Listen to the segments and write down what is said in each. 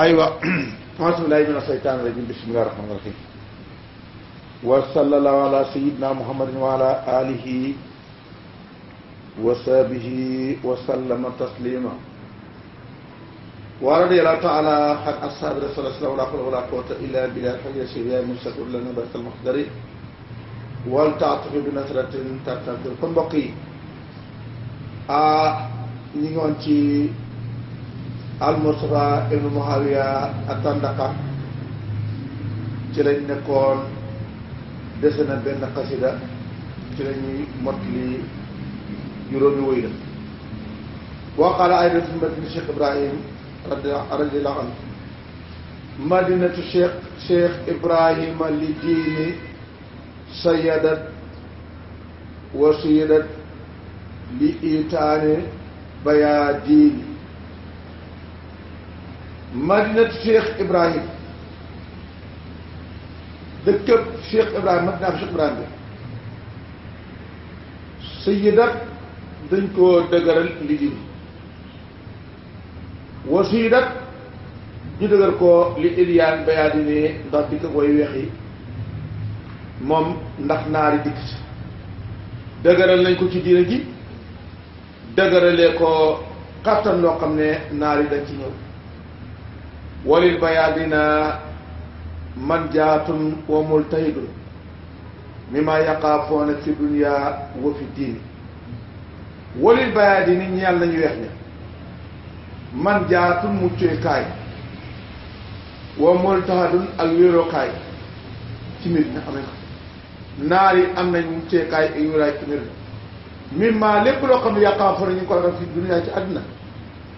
aywa auzu billaahi mina sheytaani rajiim bismillaahi rahmaani rahiim wa sallallaahu ala sayyidina muhammadin wa ala alihi wa sahbihi wa sallama taslima wa radiyallaahu taala an ashaabi rasuulillaahi laa hawla wa laa quwwata illaa billaah al-aliyyil wal taatufi bi nasratin tartatir kon mbokk yi a ah, ñi ngi woon ci al Murtada ibnu Muhawiya Atandaqa ci lañ nekkoon dese na benn xasida ci la ñuy mottali juróomi wëy la waqaala aydan fi madinati Cheikh Ibrahim radiallahu anhu madinatu Cheikh Cheikh Ibrahima li diini sayadat wa siyadat li itaani bayaa diini madinatu Cheikh Ibrahim dëkkëb Cheikh Ibrahim madinatu Cheikh Ibrahim bi sayyidat dañ koo dëgëral li wasiidat ñu dëgër ko li ilyaan bayaadi ne ndax dikk koy wexi moom ndax naari dikk si dëgëral nañ ko ci diina ji dëgëralee ko kàttan loo xam ne naari dañ ci ñëw walil bayaadina manjaatun wa multahidun mimma yaqaafoona fi dunya wa fi diini walil bayaadini ñeel nañu weex ña manjaatun muccee kaay wa multahadun ak wéeroo ci mbir na amee ko naar yi am nañ muccee kaay ak wéeraay ci mbir mi mimma lépp loo xam ne yaqaafoona ñu ko def fi dunya ci àddina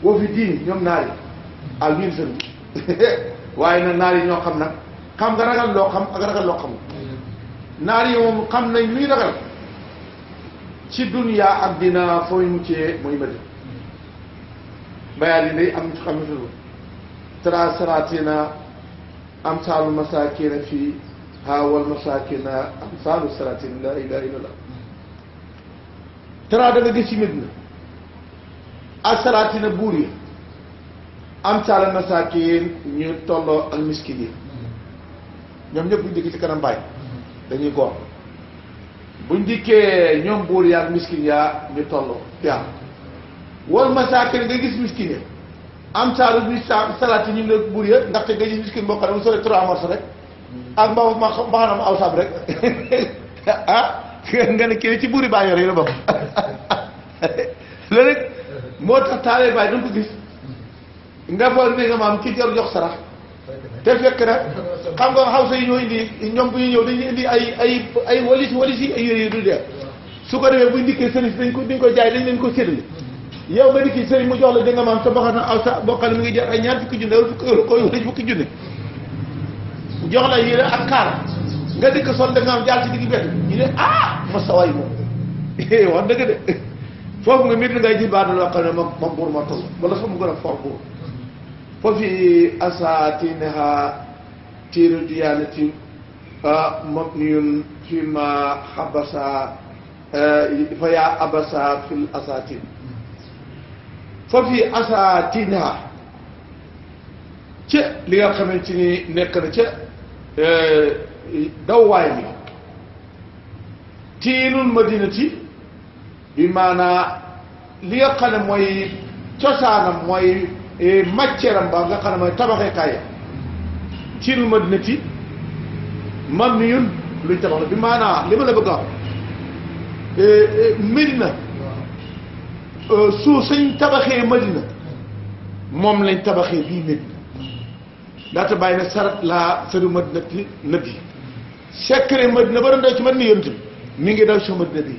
wa diini ñoom naar yi ak ñun seen waaye nag naar yi ñoo xam nag xam nga ragal loo xam ak ragal loo xamul naar yi moom xam nañ luy ragal ci duniyaa ak dina fooy muccee mooy Madina bayaat yi day am xam ne tara saratina am saalu masakina fii haawal masakina am saalu saratin la ilaha illallah tara da nga gis ci Madina ak saratina buur yi amsaal masaakin ñu tolloo ak miskin yi ñoom ñëpp buñ dikkee ci kanam bàyyi dañuy góor buñ dikkee ñoom buur yaa ak miskin yaa ñu tolloo yaa wal masaakin nga gis miskin yi amsaalu bi salaat yi ñu ne buur ya ndaxte nga gis miskin boo xam ne mu sore ak mbaa ma mbaxanam aw sab rek ah nga ne kii ci buuri bàyyi yore yi la bokk loolu rek moo tax taalee bàyyi duñ ko gis ndefoor bi nga maam ki jar jox sarax te fekk na xam nga xaw sa yi ñoo indi ñoom bu ñu ñëw dañuy indi ay ay ay walis walis yi ay yére du dee su ko defee buñ dikkee sëriñ dañ ko dañ ko jaay dañ leen ko séddale yow nga dikki sëriñ mu jox la da nga maam sa boxal na aw sa bokkal mi ngi jar ay ñaar fukki junne wala fukki euro koy wala fukki junne jox la yére ak kaar nga dikk sol da nga am jaar ci digg bett ñu ne ah ma sawaay moom eh, wax dëgg de foofu nga mit li ngay ji baana loo xam ne moom buur ma toll wala xam nga gën a foofu buur ففي أساتينها تير ديانة مبني فيما حبس فيا أبس في الأساتين ففي أساتينها ca li nga xamante ni nekk na ca e, dawwaay bi tiinul madinati bi maanaa li nga xam ne mooy cosaanam mooy matière am ba nga xam ne mooy tabaxee kaaya tiinu madinati man ni yun luñ tabax la bi maanaa li ma la bëgg a wax eh, eh, Medina euh, suuf sañ tabaxee Medina moom lañ tabaxee bii Medina ndaxte bàyyi na sarat laa sëru madinati nabi secret Medina ba doon daw ci Medina yontu mi ngi daw ci Medina bi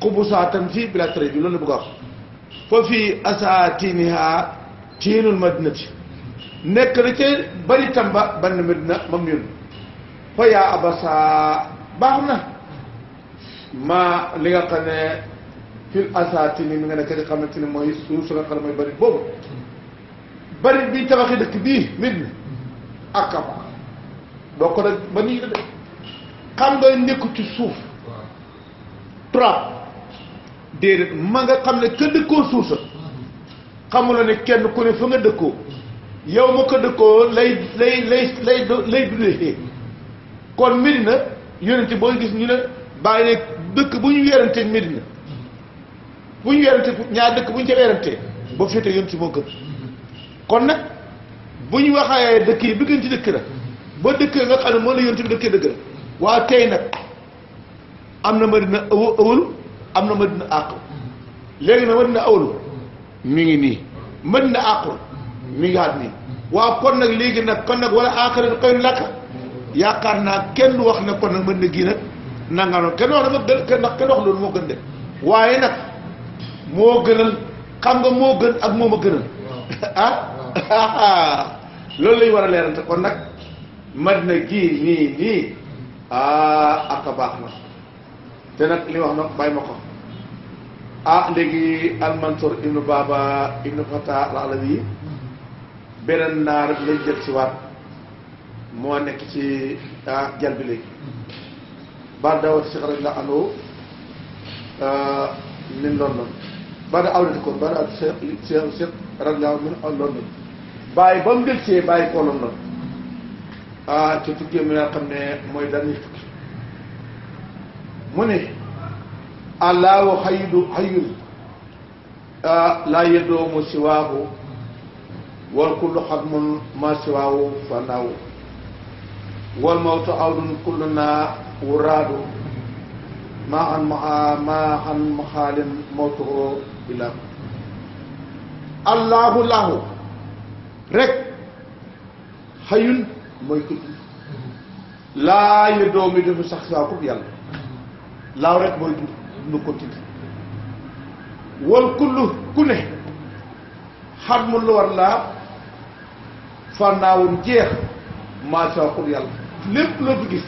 xubusaatan hmm. fii bila tëre bi loolu la bëgg a wax fa fii asaatiniha ci yenul madinati nekk na ca bari tamba bann madina mam yun fa yaa abasa baax na maa liga nga xam ne fil asaati ni mi nga nekk di xamante ni mooy suuf su nga xam ne mooy bari boobu bari bi tabaxi dëkk bii madina ak kaba doo ko def ba nii de xam nga nekku ci suuf trop déedéet ma nga xam ne ke dëkkoo suusa xamuloo ne kenn ku ne fa nga dëkkoo yow ma ko dëkkoo lay lay lay lay lay dundee kon Medina yonente boo gis ñu ne bàyyi dëkk bu ñu weerantee Medina bu ñu weerantee ñaar dëkk bu ñu ca weerantee ba féete yoon ci moo gën kon nag bu ñu waxee dëkk yi bi dëkk la ba dëkk nga xam ne moo la yoon ci bi dëkkee dëgg la waa tey nag am na Medina ëw ëwul am na Medina àq léegi nag Medina ëwul mu ngi nii mën na àqul mi ngi at nii waaw kon nag léegi nag kon nag wala aaxira xëy lakk yaakaar naa kenn wax ne kon nag mën na gii nag nanga noonu kenn wax dafa gën kenn wax kenn wax loolu moo gën de waaye nag moo gënal xam nga moo gën ak moom a gënal ah loolu lañu war a leerante kon nag na gii nii nii ah aka baax na te nag li wax nag bàyyi ma ko ah léegi almantor ibnu baba ibnu fata al alawi beneen naar lay jël si waat moo nekk ci ah jal bi léegi baal daaw si xarit la anoo min loon noonu baal da awlati ko baal da se se se radiyallaahu min loon noonu bàyyi ba mu del see bàyyi koo loon noonu ah te tukkee mi nga xam ne mooy dañuy tukki mu ne allahu hayyu hayyun ah, laa yadoomu siwaahu wal kullu xadmun ma siwaahu fanaaw wal mawtu awdun kulluna wuraadu maa an maa maa an maxaalin mawtuhu bilaa allahu lahu rek xayun mooy ko dund laa yadoomi dafa sax saakub yàlla laaw rek mooy dund lu ko tidd wal kullu ku ne xat mu lu war laa fànnaawum jeex maa saa xul yàlla lépp loo gis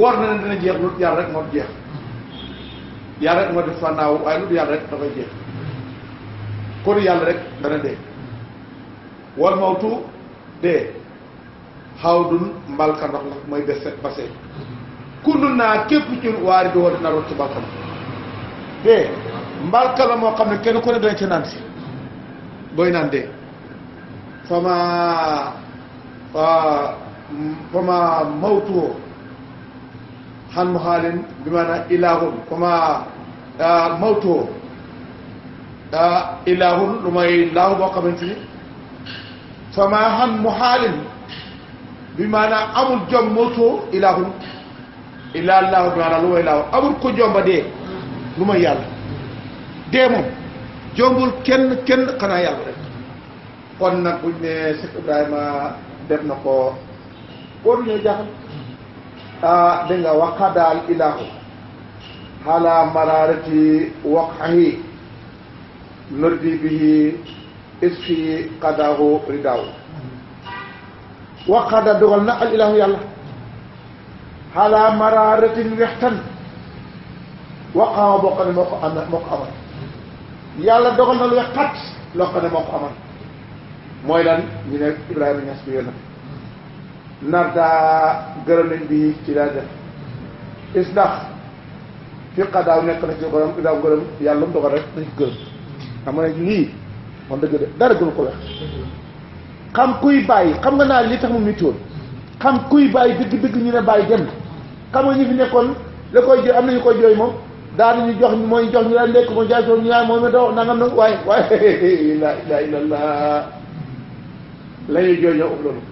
war na ne dina jeex lu yàlla rek moo jeex yàlla rek moo def rek dafay jeex kon yàlla rek dana dee wal mawtu dee xaw dun mbalka ndox la mooy bes set basee kundu naa képp ci waari di war dina rot ci balka ndox te mbalka la moo xam ne kenn ku ne doy ca naan si fama fama mawtuo xan mu xaalin bi maanaam ilaahun fama mawtuo ilaahun mu xaalin bi maanaam amul jom mawtuo ilaahun ilaa bi maanaam lu may laahu amul ko jomba dee lu may yàlla dee moom jombul kenn kenn xanaa yàlla rek kon nag buñ ne def na ko booru ñoo jaaxal ah da nga waqa daal bihi isfi qadaahu ridaahu waqada dogal na al ilaahu yàlla xaala maraaratin wextan waqaama boo xam ne moo ko am moo ko amal yàlla dogal na lu wex xat loo xam ne moo ko amal mooy lan ñu ne Ibrahima Ñas bi yéen a bi ci laa def is nekk na ci gërëm daaw gërëm yàlla lu mu dogal rek dañ ko gërëm xam ko wex xam kuy bàyyi xam nga naa li tax mu mitoon xam kuy bàyyi dëgg-dëgg ñu ne bàyyi dem nekkoon la koy jooy am na ñu koy jooy moom daal ñu jox ñu mooy jox ñu daal lekk mooy jaay ñu yaay mooy ma daw nangam nag waaye waaye la ilaha illallah la ñuy jooy ñoo ëpp loolu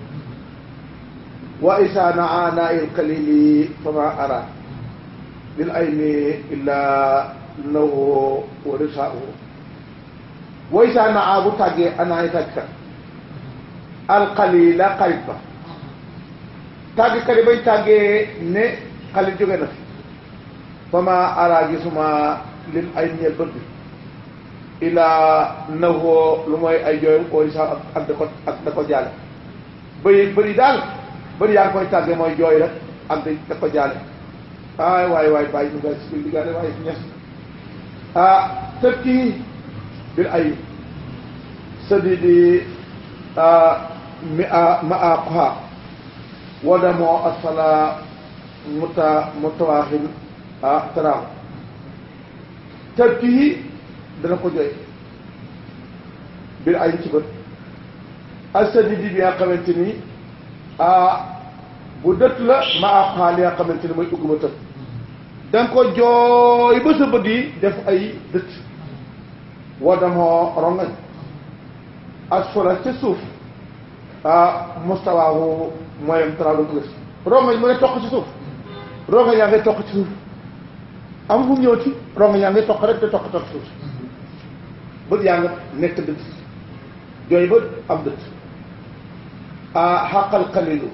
wa isa naana il qalili fama ara lil ayni illa lawo wa risaahu wa isa naa bu tàggee anaani tàgg ka al qalila xarit ba tàgg kari bay tàggee ne xalit jóge na fi fama ara gisuma lil ay ñeel bët bi ilaa nawoo lu mooy ay jooyum orisan ak da ko jaale bëri bëri daal bëri yaa ngi koy tàgge mooy jooy rek ak ko jaale aay waay waay bàyyi ñu nga si diggaale waaye ñes ah tëb kii mi a ma a qoha wadamoo asala muta mutawaaxin ah taraam tabki dana ko jooy bir ay ci bët asadidi bi nga xamante ni ah bu dët la ma xaal li nga xamante ni mooy ugg ba tëb da nga ko jooy ba sa bët def ay dët wa damoo rongañ asfala ca suuf ah mustawaahu mooyam taraalu ëllëg rongañ mu ne toq ci suuf rongañ yaa ngay toq ci suuf am fu mu ñëw ci rongo ngi toq rek toq toq tuuti bët yaa nga nekk dëtt jooy bët am dëtt a xaqal xalilu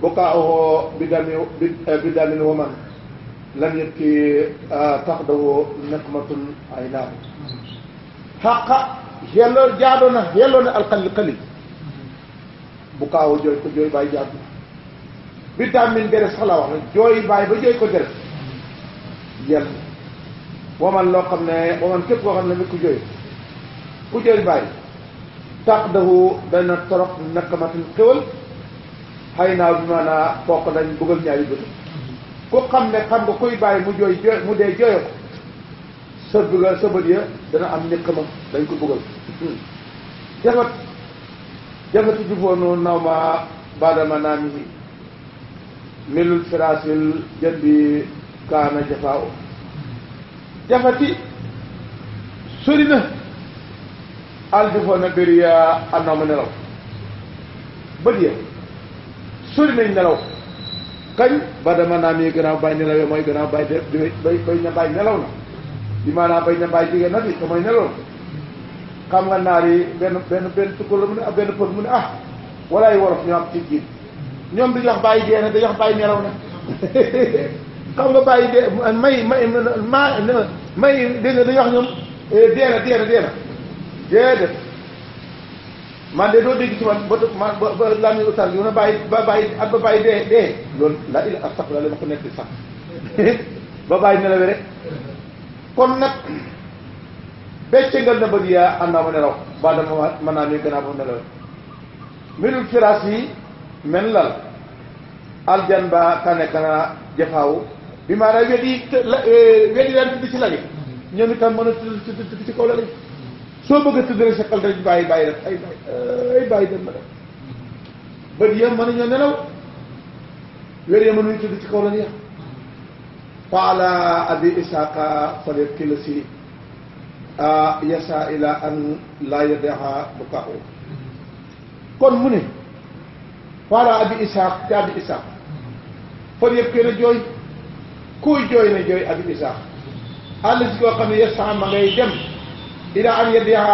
bokaaho bi dami bi eh, damin waman lam yëpp ki tax dawoo nekmatul ay naan xaqa yelloo jaadoo na yelloo na alxalil xalil bokaaho jooy ko jooy bàyyi jaadu bi damin dere sax la wax na jooy bàyyi ko dere jël waman loo xam ne waman képp koo xam ne mi ku jooy ku jooy bàyyi tax dahu dana torox nakamatin xéwal xëy naa bi maanaa fokk lañ bëggal ñaari bët ku xam ne xam nga kuy bàyyi mu jooy mu dee jooyo ko sa bëgga sa bët am niqama dañ ko bëggal jafat jafati jufoonu naw ma baadama naa mi melul firaasil jën kaana jafaaw jafati sori na aljufoo na bériya andooma nelaw bët ya sori nañ nelaw kañ ba dama naa mii gannaaw bàyyi nelaw yo mooy gannaaw bàyyi de bay bay na bàyyi nelaw na bi mooy nelaw na xam nga naar yi benn benn benn tukka la mu ne benn pël mu ne ah walaay wolof ñoo am ci jiit ñoom dañu wax bàyyi jeex na dañu wax bàyyi nelaw na xam nga bàyyi dee may may ma may dégg nga dañuy wax ñoom eh, dee na dee na dee na déedéet man de doo dégg ci man ba ma ba laa ñu ustaas ñu ne bàyyi ba bàyyi ak ba bàyyi dee dee loolu la il astafurlah la ma ko nekk sax ba bàyyi nelawee rek kon nag beccangal na bët yaa ànd naa ma nelaw ba dama mën naa nuyu gannaaw ba nelawee mbirul firaas yi men lal aljan ba kane kana jafaawu bi maanaam weddi la eh, weddi daan tudd ci lage ñoom itam mën a tudd tudd ci kaw lage soo bëgg a tudd rek sa xel rek bàyyi bàyyi def ay bàyyi ay bàyyi dem na def bët yam mën nañoo nelaw wér ya mënuñu tudd ci kaw la ñuy wax qaala abi isaqa falyakilsi yasa ila an laa yadeha bukaahu kon mu ne qaala abi isaq te abi isaq falyakil jooy kuy jooy na jooy abi isaax àll si koo xam ne yestan ma ngay dem ila an yeddiha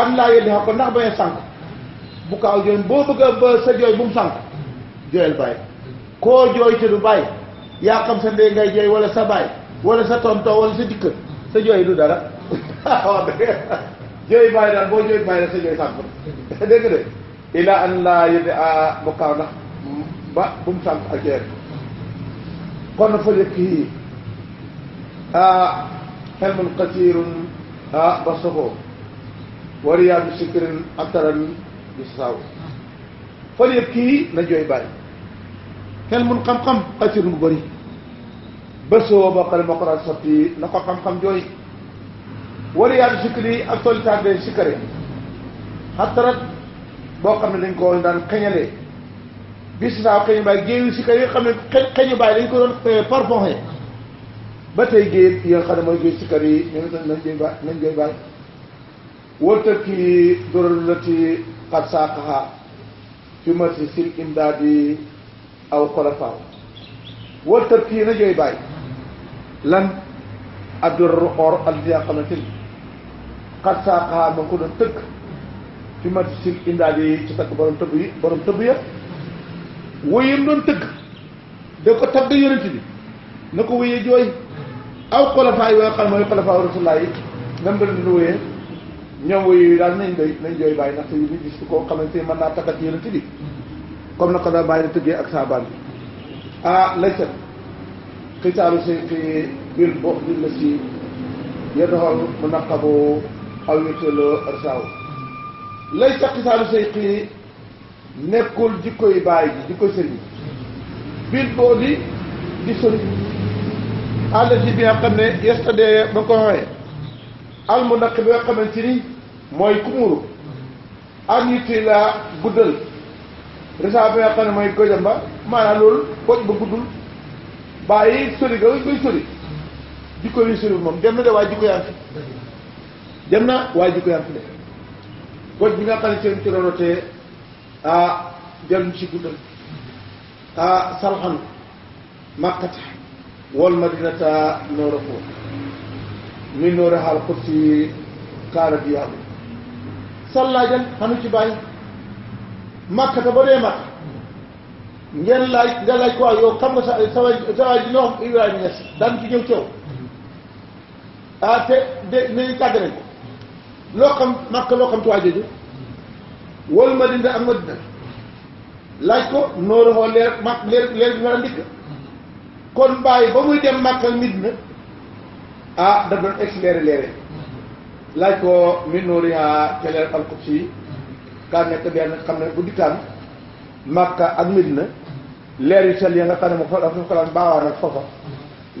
an laa yeddiha ko ndax bañ a sànq bu jooy boo bëgg a ba sa jooy bu mu sànq jooy te du bàyyi jooy sa dikk sa jooy du dara jooy bàyyi daal boo jooy bàyyi daal sa jooy sànq dégg nga de ila an laa yeddiha bu kaaw ndax ba bu mu sànq ak jooyal kon fa njëkk yi ah xelmun xasiirun ah ba soxoo wa riyaadu sikrin ataran bi saw fa njëkk yi na jooy bàyyi xelmun xam-xam xasiirun bu bëri ba soxoo boo xam ne moo ko daan sotti na ko xam-xam jooy wa riyaadu sikri ak solitaat day sikare xatarat boo xam ne dañ ko daan xeñalee bis naa xëy na baay géeyu si kër yi xam ne xëy na baay dañ ko doon euh, parfumé ba tey géej yi nga xam ne mooy géej si kër yi ñoom itam nañ koy ba nañ koy baal wóor tëkki dural la ci xat saakaxa fi ma si sil imdaadi aw xolafaaw wóor tëkki na koy baay lan ak duraru or ak li nga xam ne si xat saakaxa ma ko doon tëkk fi ma si sil imdaadi ci takk borom tëbb yi borom tëbb yëpp. woyam doon tëgg da ko tagg yonent bi na ko woyee jooy aw xolafaa yi wa nga xam mooy xolafaa yi nam da leen woyee ñoom woyu yi daal nañ doy nañ jooy bàyyi ndax te ñu gis koo xamante ni mën naa taggat yonent bi comme na ko daa bàyyi na tëggee ak saabaan bi ah laysat xitaalu sayfi bil bokk bi la si yadaxool mu naqabu aw yëttaloo arsaaw laysa xitaalu sayfi nekkul jikko yi bàyyi jikko sëriñ biir boo di di sëriñ àll ci bi nga xam ne yestadee ba nga ko waxee al mu naq bi nga xamante ni mooy kumuru ak yitti laa guddal risaa bi nga xam ne mooy gojam ba maanaam loolu boj ba guddul bàyyi sori ga koy sori jikko yi sori moom dem na de waaye jikko yaa fi de boj bi nga xam ne ci doon rootee ah jël ci guddal ah salxan makkata wal madinata noora foo min noora xaal xut si kaara diyaabu sallaajan xanu ci bàyyi makkata ba dee makk ngeen laaj nga laaj quoi yow xam nga sa sa waay ji noo xam Ibrahima Niass daan ci ñëw teew ah te de nañu tàgg nañ ko loo xam makk loo xam ci waa jooju wal madina ak madina laaj ko nooru moo leer mag leer leer bi war a ndikk kon bàyyi ba muy dem Makka ah, ko min nooriha te leer alqudsi ak Madina leer yu sell ya nga xam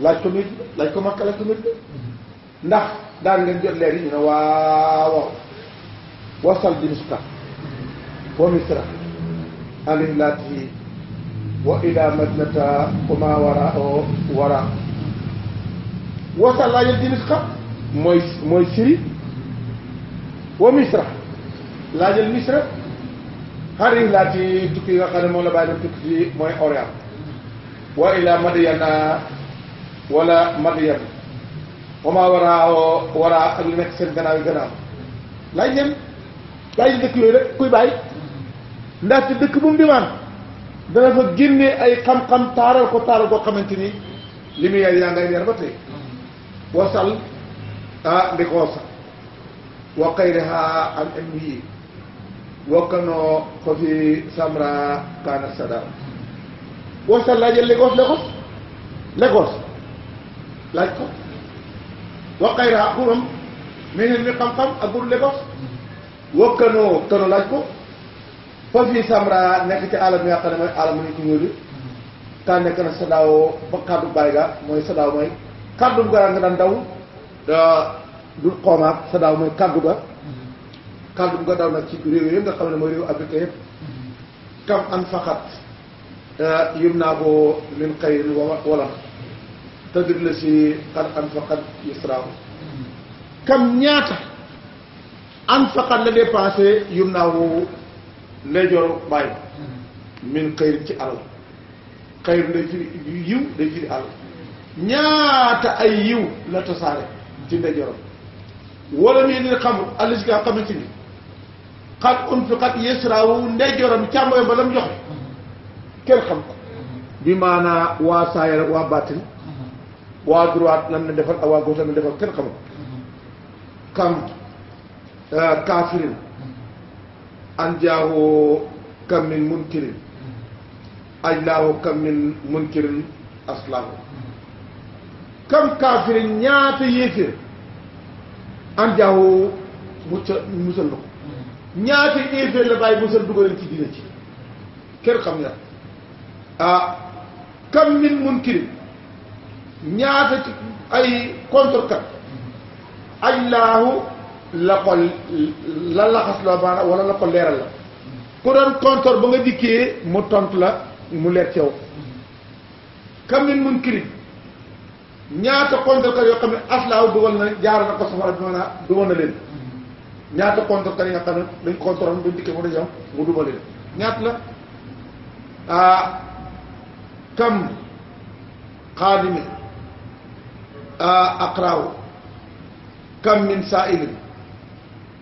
laaj ko Madina laaj ko Makka laaj ko Madina ndax daan ngeen jot leer yi ñu ne waaw wasal bi mu ومصر التي وإلى مدنة وما وراءه وراء وصل يدي رزقا موي سيري ومصر laa jël misra xarim laa tukki yi nga la bàyyi dem tukki ci mooy wa ila madyana wala madyan wama waraa waraa ak lu nekk seen gannaaw yi gannaaw laaj dem kuy bàyyi ndaxte dëkk bu mu dimaan dana fa génnee ay xam-xam taaral ko taaral koo xamante ni li muy yar yaa ngay yar ba tey wasal ah ndi ko wasal wa xayriha an ilmihi wakkanoo ko fi samra kaana sadam wasal laajal Lagos Lagos Lagos laaj ko wa xayriha xuram meneen mi xam-xam ak buru Lagos wakkanoo kano laaj ko fa fii samra nekk ci alam nga xam ne alam nit ñu bi kaa nekk na sadaawo ba kàddu bàyyi ga mooy sadaaw mooy kàddu nga daan daw du xoomaat sadaaw mooy kàddu ga daw ci nga kam an faqat yum naa ko wala la an faqat kam ñaata an faqat la dépensé yum naa ndeyjooru bay min xeyr ci alal xeyr la firi yiw day firi alal ñaata ay yiw la tasaare ci ndeyjooram wala muy ni xam alis nga xamante ni xat un fi xat yesraawu ndeyjooram càmmoy ba lam joxe kenn xam ko bi maanaa waa saayar waa baatin waa droit nan na defal ak gauche nan na defal kenn xam ko kam kaafirin an jaahoo kam min munkirin ajlaahoo kam min munkirin aslaahu kam kaafirin ñaata yéeféer an jaahoo mucc musal na ko ñaata la bàyyi musal dugaleen ci diina ci kenn ah, kam min munkirin ñaata ay contre la ko la laxas la maanaam wala la ko leeral la ku doon tontor ba nga dikkee mu tontu la mu leer ci yow kam min mun kiri ñaata contre yoo xam ne aslaaw dugal na jaar na ko safara bi maanaam duma na leen ñaata contre yoo xam ne dañ contre woon ba dikkee mu dañoo mu duma leen ñaata la ah kam xaadimi ah aqraaw kam min saa ilin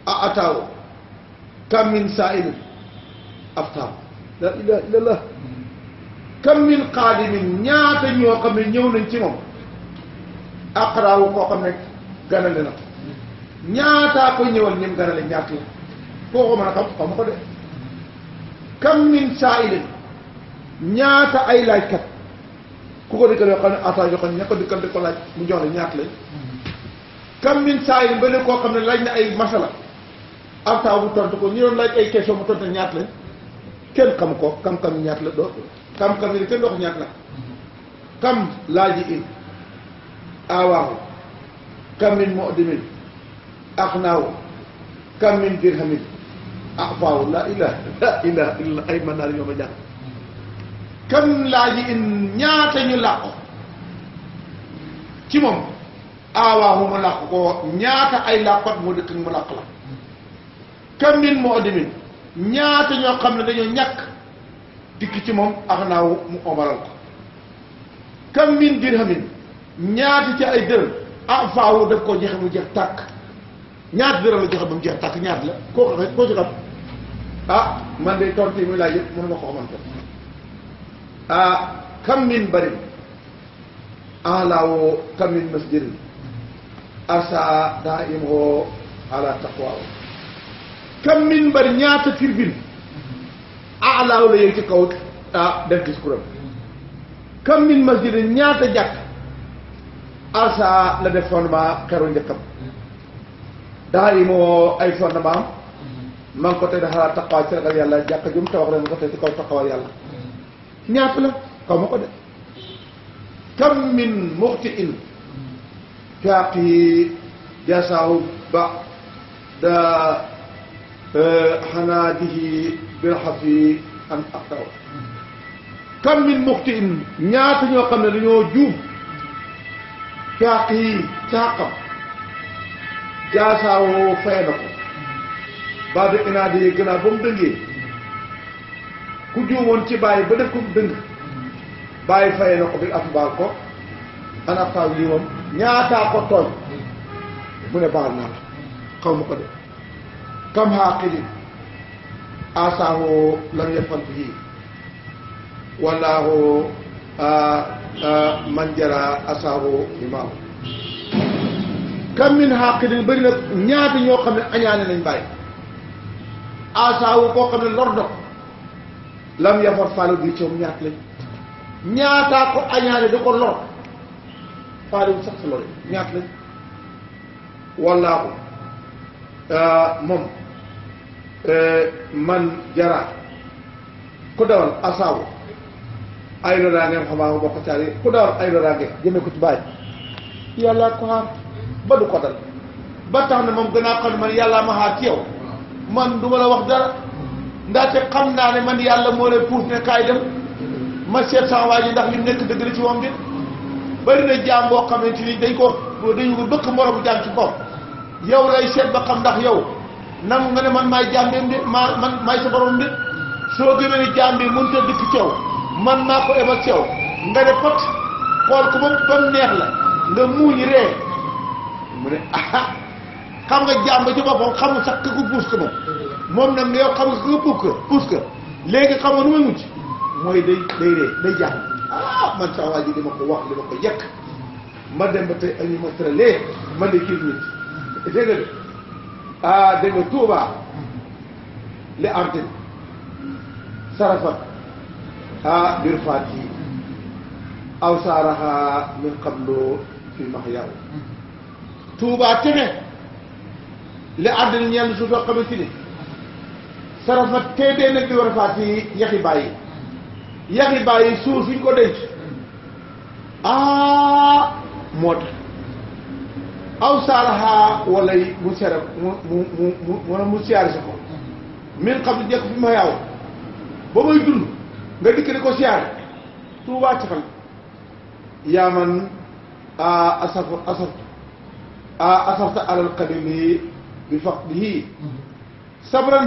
a ataaw kam min saa'imin aftaaw la ilaha illallah kam min qaadimin ñaata ñoo xam ne ñëw nañ ci moom aqraawu koo xam ne ganale na ñaataa ko ñëwal ñim ganale ñaat la koo ko mën a xam xam ko de kam min saa'ilin ñaata ay laajkat ku ko dikkal yoo xam ataa yoo xam mu jox ñaat lañ kam min saa'ilin ba koo xam ne laaj na ay masala ANSA mu tontu ko ñu doon laaj ay question mu tontu ñaat lañ kenn xam ko kam-kam ñaat la doo kam-kam yi kenn doo ko ñaat la kam laaji in awaahu kamin mu'dimin aqnaahu kamin dirhamin afaahu la ilaha la ilaha illa ay mën naa ma jàng kam laaji ñaata ñu làqu ci moom awaahu mu làqu ko ñaata ay làqot moo dëkk mu làq la kam min mu'addimin ñaata ñoo xam ne dañoo ñàkk dikk ci moom ak naaw mu omaral ko kam min dirhamin ñaata ci ay dërëm ah faaw daf koo jeexe mu jeex tàkk ñaata dërëm la joxe ba mu jeex tàkk ñaata la koo xam koo ci xam ah man de tontu yi muy laaj yëpp mënu ko ko ah barin ah laawoo kam min masjidin daa im woo ala taqwaa kam min mbar ñaata tribune alaaw la yéeg ci kaw ah def discours am kam min masjid ñaata jàkk alsa la def fondement xeru njëkkam daxar yi moo ay fondement am maa ngi ko teg daxaraa taqawaay ci ragal yàlla jàkk jum tawax la nga ko teg ci kaw taqawaay yàlla ñaata la kaw ma ko def kam min muxti in fiaqi jasaahu ba da xanaadihi birxafi an aktaw kam min muxtiin ñaata ñoo xam ne dañoo juum caaq yi caaqam jaasaawoo fay na ko baa de ku juumoon ci bàyyi ba def ko mu dëng bàyyi fay na ko ko an mu ne baal naa la xaw ko de كم عاقل آساه لم يفعل به والله آآ آآ من جرى أساه إمامه كم من عاقل بari na ñaata ñoo xam ne añaane nañ bàyyi asaawu koo xam ne lor na ko lam yafar faale bi coom ñaat lañ ñaataa ko añaane da ko lor faale wu sax sa lore ñaat lañ wallaahu moom man jara ku dawal asaw ay loraangeem xamaa bokk caari ku dawal ay loraange ko ci bàyyi yàlla ko xaar ba du ko dal ba tax na moom gën a ne man yàllaa ma xaar ci yow ma la wax dara ndaxte xam ne man yàlla moo lay puus ne kaay dem ma seet sama waa ji ndax li nekk dëgg la ci moom bi bari na jaam boo xamante ni dañ ko dañu ko bëkk moromu jaam ci bopp yow lay seet ba xam ndax yow nangu nga ne man maay jàmbeem de maa man maay sa borom de soo gëmee ni jàmbi mënut a dikk cew man maa ko ebal cew nga ne pot xool ko ba mu neex la nga muuñ ree mu ne ah xam nga jàmb ci boppam xamul sax ku puus ko moom moom nag yow xam nga ku puus ko puus ko léegi xam nga nu muy mucc mooy day day ree day jàng ah man saa waa ji dama ko wax dama ko yekk ma dem ba tey ak ñu ma tëralee ma ne kii nit dégg nga Ah, dégg nga Touba li artin sarafat a ah, bir fati aw saaraha min qablu fi mahyaw Touba tene li artin ñeen suuf yoo xamante ni sarafat tee dee nag di war a fati yaxi bàyyi yaxi bàyyi suuf suñ ko denc ah moo tax aw saalaha wala mu seera mu mu mu mu mu siyaare si ko min xam ne jekk fi ma yaaw ba may dund nga dikk di ko siyaare tuubaa cafal yaa man a asaf asaf a asafta alal qadimi bi faqdihi sabran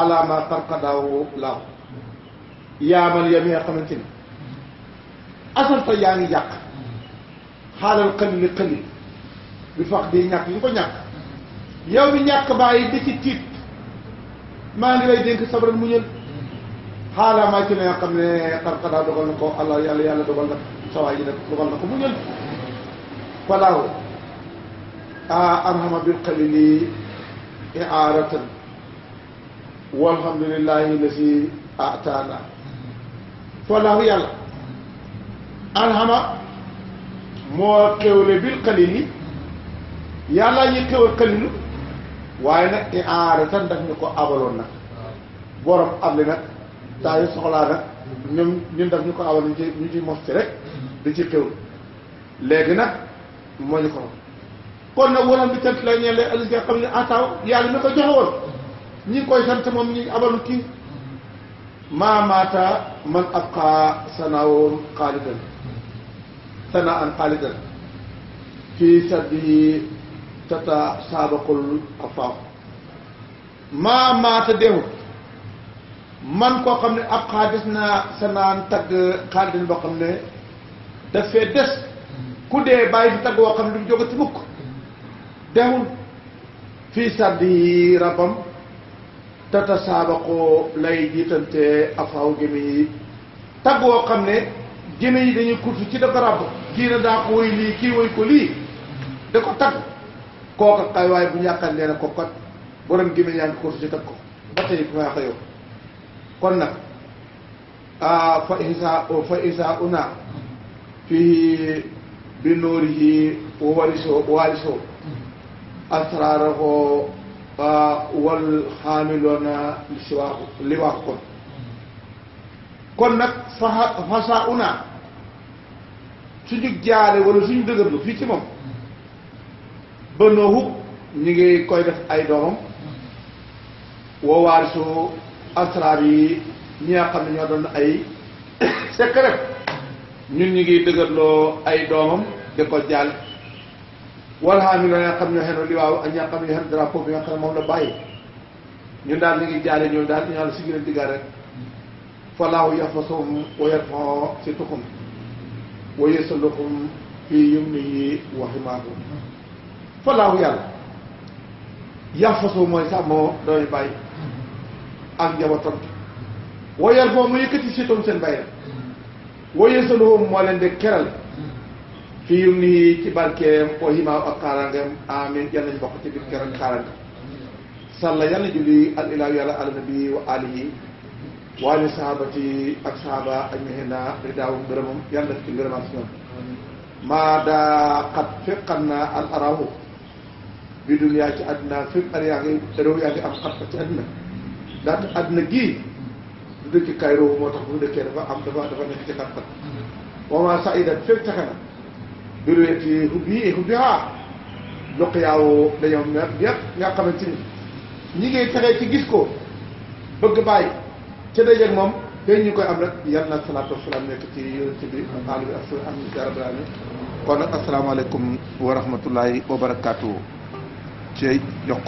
ala ma qarqadaaw laaw yaa man yam yaa xamante ni asafta yaa ngi yàq xaalal qalili qalil bi fax di ñàkk ko ñàkk yow mi ñàkk bàyyi di ci tiit maa ngi lay dénk sabran muñal xaala maa ci ne nga xam ne xarxadaa dogal na ko yi ko muñal falaaw arhama bil xalili iaaratan walhamdulillahi lasi ataana falaaw yàlla arhama moo xewle bil xalili yàllaa ñuy xew a waaye nag i aare tan ñu ko abaloon nag borom abli nag saa yu soxlaa nag ñun ñun ñu ko abal ñu ci ñu ci rek di ci xew léegi nag moo ñu ko kon nag waram bi sant la ñeen lay ëllëg nga xam ne ataaw yàlla mi ko joxewoon ñi ngi koy sant moom ñi abalu kii maamaata man ab xaa sanaawoon xaalidan sanaa an xaalidan fii sa bii tata saabaqul afaaw maa maata deewut man koo xam ne ab xaadis naa sa naan tagg xaadin boo xam ne daf fee des ku dee bàyyi fi tagg woo xam ne du jóge ci mukk deewul fii sàddi rabam tata saabaqoo lay jiitante afaaw gémme yi tagg woo xam ne gémme yi dañuy kurtu ci dafa ràbb kii na daa ko woy lii kii woy ko lii da ko tagg kooka xay waaye bu ñu yàqal leen ko kat borom gémmiñ yaa ngi ko ci kat ko ba tey bu maa xëyoo kon nag fa isa fa isa una fii bi nuurihi wariso wariso asraarahu wal xaamiloona si waaxu li waaxu kon kon nag fa fa saa una suñu jaare wala suñu dëgërlu fii ci moom ba noohu ñu ngi koy def ay doomam woowaari su asraar yi ñi nga xam ne ñoo doon ay secret ñun ñu ngi dëgërloo ay doomam de ko jàll wala xam ne nga ñoo xam ne li waaw ak xam ne ñoo xam ne bi nga xam ne moom la bàyyi ñun daal ñu ngi jaale ñoom daal ñu naan si gën diggaat rek falaahu yafasum wa yarfoo si tuxum wa yesaluxum fii yum ni yi waxi maatum falaahu yàlla yax fasoo mooy sax moo doomi bàyyi ak njabootam woyal boobu mu yëkkati siitoom seen bàyyi woyee sa loxoom moo leen di keral fii yum nii ci barkeem wa ak xaarangeem amin yal nañu bokk ci biir keral xaarange sàlla yal julli al ilaahu yàlla ala nabi wa waa ñu sahabati ak sahaba ajmahina ridaawum ngërëmam yàlla def ci ngërëmaat si ñoom maa daa xat fekkan naa al araahu bi duniyaa ci àddina fépp ar yaa ngi réew yaa ngi am xat ci àdduna daanaka àdduna gii du dëkk kay réew moo tax bu dëkkee dafa am dafa dafa nekk ci xat-xat moomaa sa idat fépp taxe na bi ruweti hubbi et hubbi haa loq yaaw dañoo mer ñépp nga xamante ni ñi ngi fexee ci gis ko bëgg bàyyi ca dajeeg moom tey ñu koy am nag yal na salaatu wasalaam nekk ci yonent bi aali bi ak kon nag asalaamaaleykum wa wa barakaatu. şey yok.